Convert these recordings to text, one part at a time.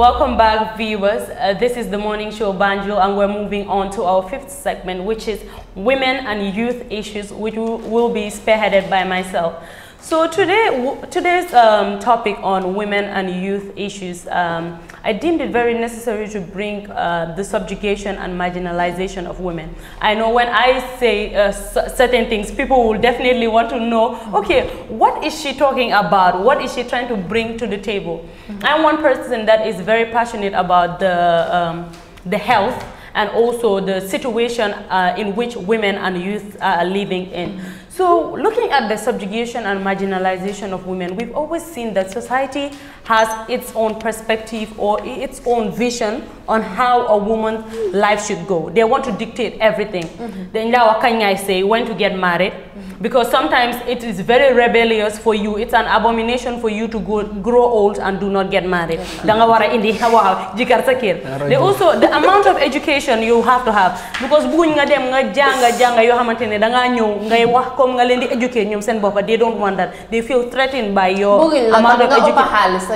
Welcome back, viewers. Uh, this is the morning show Banjo, and we're moving on to our fifth segment, which is women and youth issues, which will be spearheaded by myself. So today, today's um, topic on women and youth issues um, I deemed it very necessary to bring uh, the subjugation and marginalization of women. I know when I say uh, certain things, people will definitely want to know, okay, what is she talking about? What is she trying to bring to the table? Mm -hmm. I'm one person that is very passionate about the, um, the health and also the situation uh, in which women and youth are living in. So looking at the subjugation and marginalization of women, we've always seen that society has its own perspective or its own vision on how a woman's life should go. They want to dictate everything. Mm-hmm. Then say when to get married. Mm-hmm. Because sometimes it is very rebellious for you. It's an abomination for you to go, grow old and do not get married. they also the amount of education you have to have. Because nga dem nga janga janga yo xamantene da nga ñew educate they don't want that. They feel threatened by your amount of education.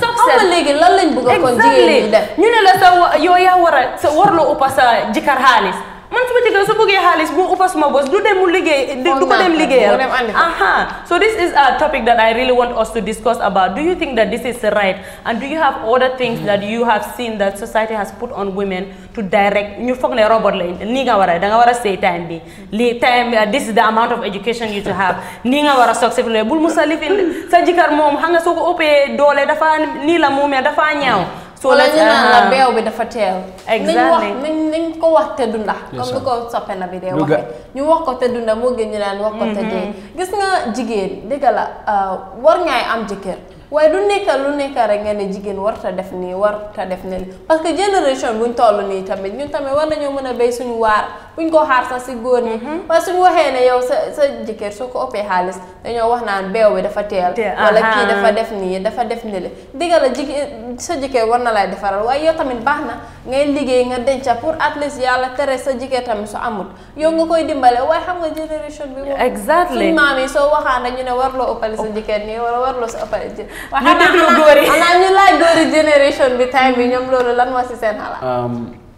xam nga léegi lan lañ bëgg a kon jigéen ñi def ñu ne la sa yow yaa war a sa warloo uppa sa jëkkër xaalis même su ma jëkkër su bëggee xaalis bu uppa suma bos du dem liggéey du ko dem liggéeyal aha so this is a topic that I really want us to discuss about do you think that this is right and do you have other things mm-hmm. that you have seen that society has put on women to direct ñu foog ne robot la nii nga war a da nga war time bi lii time this is the amount of education you to have nii nga war a soog bul sa lifin sa jëkkër moom xam nga soo ko ëppee doole dafa nii la muumee dafa ñaaw soo la naan la beew bi dafa teel. exactement nañ wax nañ ko wax te dunda. comme ni ko soppe na bi dee waxee. ñu wax ko te dunda moo gën ñu naan wax ko te dee. Mm-hmm. gis nga jigéen dëgg la euh, war ngay am jëkkër. waaye du nekkal lu nekkal rek ngeen ne war ta def war ta def ne parce que generation buñ toll ni tamit ñun tamit war nañoo mëna bay suñu war buñ ko xaar sax ci goor ni mhm. parce que waxé né yow sa sa jëkkër soo opé halis xaalis dañoo wax naan béw bi dafa téel wala ki dafa def ni dafa def ne digala digga la sa jike war na lay defaral waaye yow tamit baxna ngay liggéey nga dencha pour at least yàlla tere sa jike tamit su amut yow nga koy dimbalé waaye xam nga generation bi exactly mami so waxana ñu né war lo warloo ëppale sa jëkkër nii wala lo sa ëppale waaw ñu déglu góor yi ñu laaj góori génération bi time bi ñoom loolu lan moo si seen xalaat.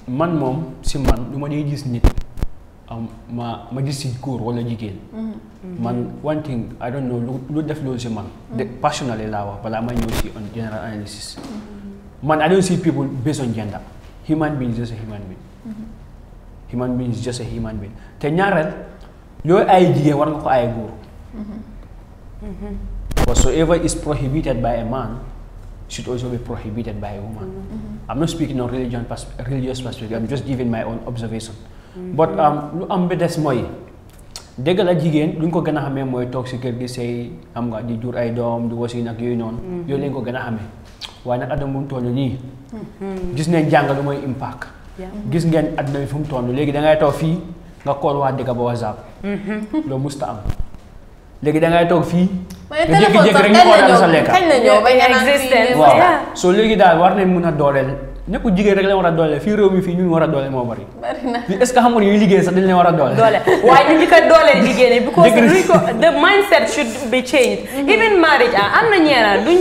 man moom si man du ma ñuy gis nit ma ma gis si góor wala jigéen. Mm-hmm. man one thing I don't know lu def loolu si man. de mm-hmm. passionally laa wax balaa may ñëw si on general analysis. Mm-hmm. man I don't see people based on gender. human being is just a human being. just a human being te ñaareel yooyu ay jigéen war nga ko ay góor. whatsoever is prohibited by a man should also be prohibited by a woman. Mm -hmm. I'm not speaking on religion pers religious perspective, I'm just giving my own observation. Mm -hmm. But um, lu am ba des mooy dégg la jigéen lu ñu ko gën a xamee mooy toog gi sëy xam nga di jur ay doom di wasi nag yooyu noonu. Mm-hmm. yooyu lañ ko gën a xamee waaye nag adduna bu mu mm-hmm. gis neen jàngalu mooy impact. gis ngeen adduna bi fu mu toll léegi da ngay toog fii nga kool waa dëkk ba musta am da ngay mais téléphone sax kañ la ñëw kañ la soo léegi daal war nañ mun a dooleel nekku jigéen rek lañ war a dooleel fii réew mi fii ñu war a dooleel moo bari. bari na est-ce que liggéey sax dañ leen war a dooleel. dooleel waaye ñu ngi ko dooleel liggéey ne. because the mindset should be changed. Mm-hmm. even marriage ah am na ñeena duñ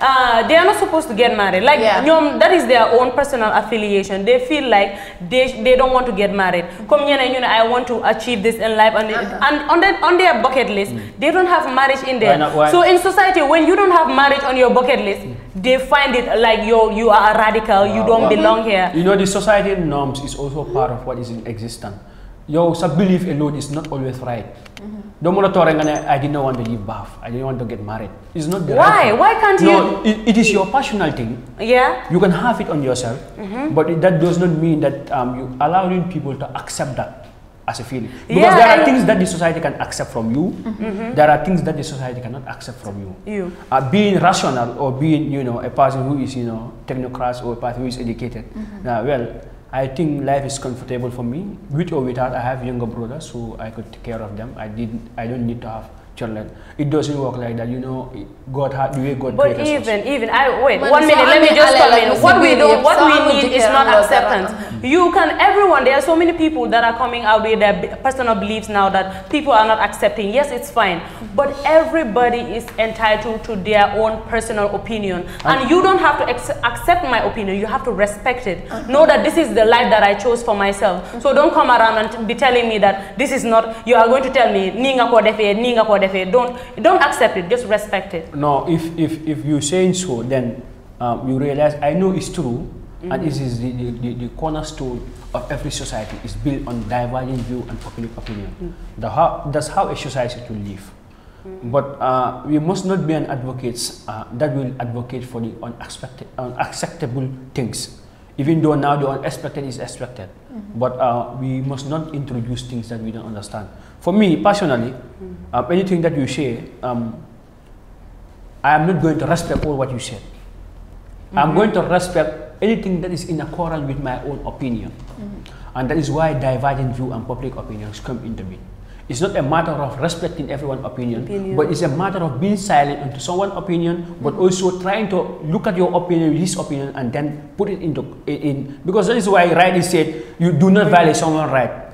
uh, they are not supposed to get married. Like yeah. that is their own personal affiliation. They feel like they they don't want to get married. Come here, ñu I want to achieve this in life and uh-huh. and on their on their bucket list mm. they don't have marriage in there. Why why? So in society when you don't have marriage on your bucket list mm. they find it like you you are a radical, you uh, don't belong here. You know the society norms is also part of what is in existence your self belief alone is not always right. Mm-hmm. doo mën I did not want to live bath I did not want to get married. it's not the right. why why can't you. no it it is your personal thing. yeah. you can have it on yourself. Mm-hmm. but that does not mean that um, you allowing people to accept that. as a feeling. Because yeah, there are things that the society can accept from you. Mm -hmm. There are things that the society cannot accept from you. You uh, being rational or being you know a person who is you know technocrats or a person who is educated. Mm -hmm. Now, well, I think life is comfortable for me. With or without, I have younger brothers who I could take care of them. I didn't. I don't need to have it doesn't work like that, you know. God had the way God But even, us. even, I wait. one minute, let me just come in. What we do, what we need is not acceptance. Uh-huh. You can, everyone. There are so many people that are coming out with their personal beliefs now that people are not accepting. Yes, it's fine, but everybody is entitled to their own personal opinion, and you don't have to accept my opinion. You have to respect it. Uh-huh. Know that this is the life that I chose for myself. So don't come around and be telling me that this is not. You are going to tell me ninga kodefe, ninga kodefe don't don't accept it just respect it no if if if you say so then um, you realize I know it's true Mm -hmm. and mm-hmm. this is the, the, the, cornerstone of every society is built on divergent view and public opinion. Mm -hmm. the how, that's how a society will live. Mm -hmm. But uh, we must not be an advocate uh, that will advocate for the unexpected, unacceptable things. Even though now the unexpected is expected, mm-hmm. but uh, we must not introduce things that we don't understand. For me personally, um, anything that you say, um, I am not going to respect all what you said. Mm -hmm. I'm mm-hmm. going to respect anything that is in accordance with my own opinion. Mm -hmm. And that is why divergent view and public opinions come into being. It's not a matter of respecting everyone's opinion, opinion, but it's a matter of being silent into someone's opinion, but mm -hmm. also trying to look at your opinion, his opinion, and then put it into in. Because that is why rightly said, you do not mm-hmm. violate someone's right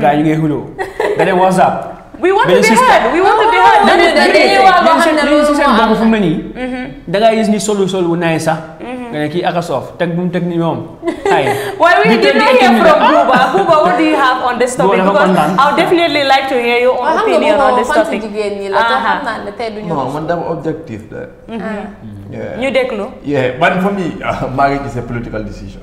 gaa yi ñu ngi xuloo beneen WhatsApp. we want to be heard we want to be heard. fu mu ne nii. da ngay gis ni solu solu wu naay sax. nga ne kii aka soof teg bu mu teg ni ñoom. aywa well, we did not hear from Buba. Buba, what do you have on this topic? Because I would definitely like to hear your own opinion on this topic. non man dama objectif la. ñu déglu. yeah man for me maa ngi gisee political decision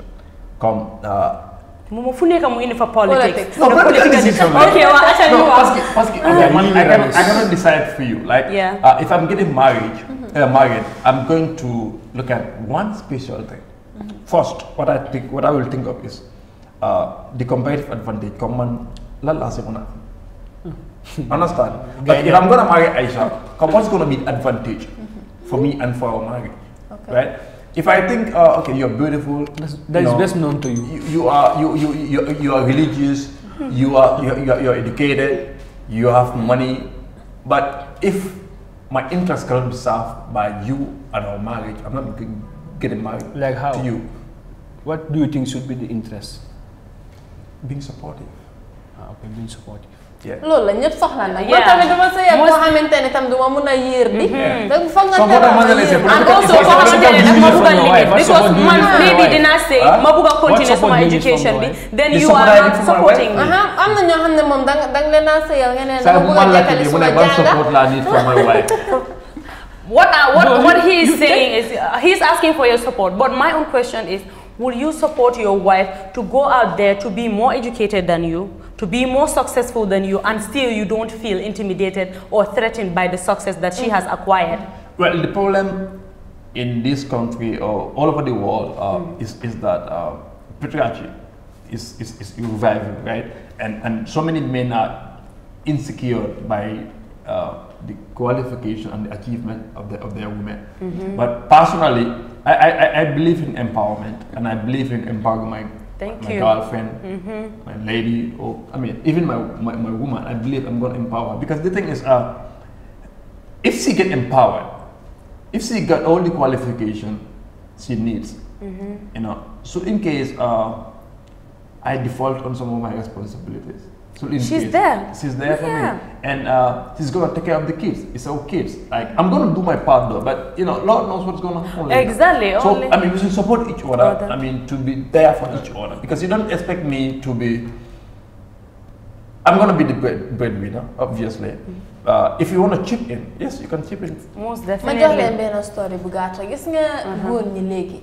comme. Uh, moom fu nekk mu indi No politics. non political decision ok waaw actually waaw. parce que parce que okay man I cannot I cannot decide for you like. yeah uh, if I'm getting married. Uh, married I'm going to look at one special thing. first what I think what I will think of is uh, the comparative advantage Common, la la laa si mën a am. understand. if I'm gonna marry Aisha, what's gonna be the advantage for me and for our marriage. right if I think, uh, okay, you're beautiful. That's, that you is know, best known to you. you. You, are you you you, you are religious. Hmm. you are you you you're educated. You have money, but if my interest cannot be served by you and our marriage, I'm not getting married. Like how? To you. What do you think should be the interest? Being supportive ah après duñ supporté. loolu la ñëpp soxla nag. waaw tamit du ma sëy ak boo xamante ne tam du ma mun a yéer bi. donc foog nga teel a mun a yéer en tout cas koo xamante ne nag ma bugg a liggéey. because man maybe dinaa sëy ma bugg a continuer sama education bi. then you are not supporting me. am na ñoo xam ne moom danga danga leen a sëyal nga ne danga bugg a jekkali suma jàng. What, I, uh, what, what he is saying is uh, he's asking for your support. But my own question is, will you support your wife to go out there to be more educated than you? to be more successful than you and still you don't feel intimidated or threatened by the success that she has acquired? Well, the problem in this country or all over the world uh, mm. is, is that uh, patriarchy is, is, is reviving, right? And, and so many men are insecure by uh, the qualification and the achievement of, the, of their women. Mm -hmm. But personally, I, I, I believe in empowerment and I believe in empowering Thank my you. girlfriend, mm-hmm. my lady, or I mean, even my, my, my woman, I believe I'm going to empower. Because the thing is, uh, if she get empowered, if she got all the qualification she needs, mm-hmm. you know, so in case uh, I default on some of my responsibilities, so she's case, there. She's there for me, and uh, she's gonna take care of the kids. It's our kids. Like I'm gonna do my part though, but you know, Lord knows what's gonna happen. Exactly. So Only I mean, we should support each other. other. I mean, to be there for each other because you don't expect me to be. I'm gonna be the bread, breadwinner, obviously. Mm -hmm. Uh, if you want to chip in, yes, you can chip in. Most definitely. ma jox story bu gàtt gis nga ñi léegi.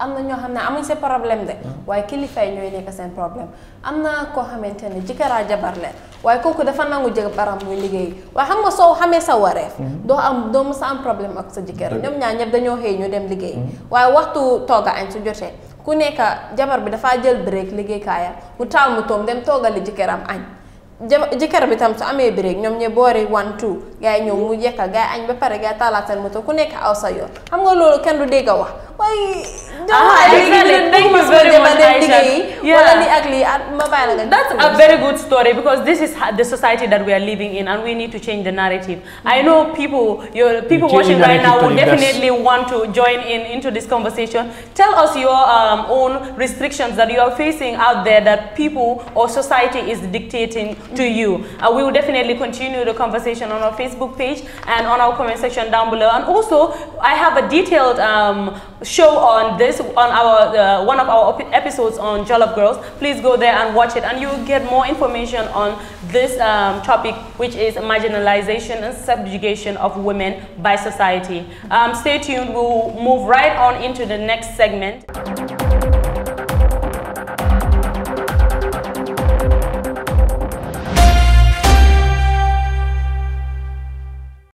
am na ñoo xam ne amuñ seen problème de waaye kilifa yi ñooy nekk seen problème am na koo xamante ne jëkkëraa jabar leen waaye kooku dafa nangu jabaram muy liggéey waaye xam nga soo xamee sa wareef mhm. doo am doo mës problème ak sa jëkkër ñoom ñaar ñëpp dañoo xëy ñu dem liggéey mhm. waaye waxtu tooga añ su jotee ku nekka jabar bi dafaa jël break liggéeykaayam kaayam mu taal mu toog dem toogali jëkkëram añ jëkkër bi tam su amee break ñoom ñe boori one two gaa yi mu jekka gaa añ ba pare gaa yi moto ku nekk aw sa yoon xam nga loolu kenn du dégg a wax waaye ah yeah. That's a very good story because this is the society that we are living in, and we need to change the narrative. I know people, your people watching right now will definitely want to join in into this conversation. Tell us your um, own restrictions that you are facing out there that people or society is dictating to you. Uh, we will definitely continue the conversation on our face. Facebook page and on our comment section down below. And also, I have a detailed um, show on this on our uh, one of our episodes on Jollof Girls. Please go there and watch it, and you'll get more information on this um, topic, which is marginalization and subjugation of women by society. Um, stay tuned. We'll move right on into the next segment.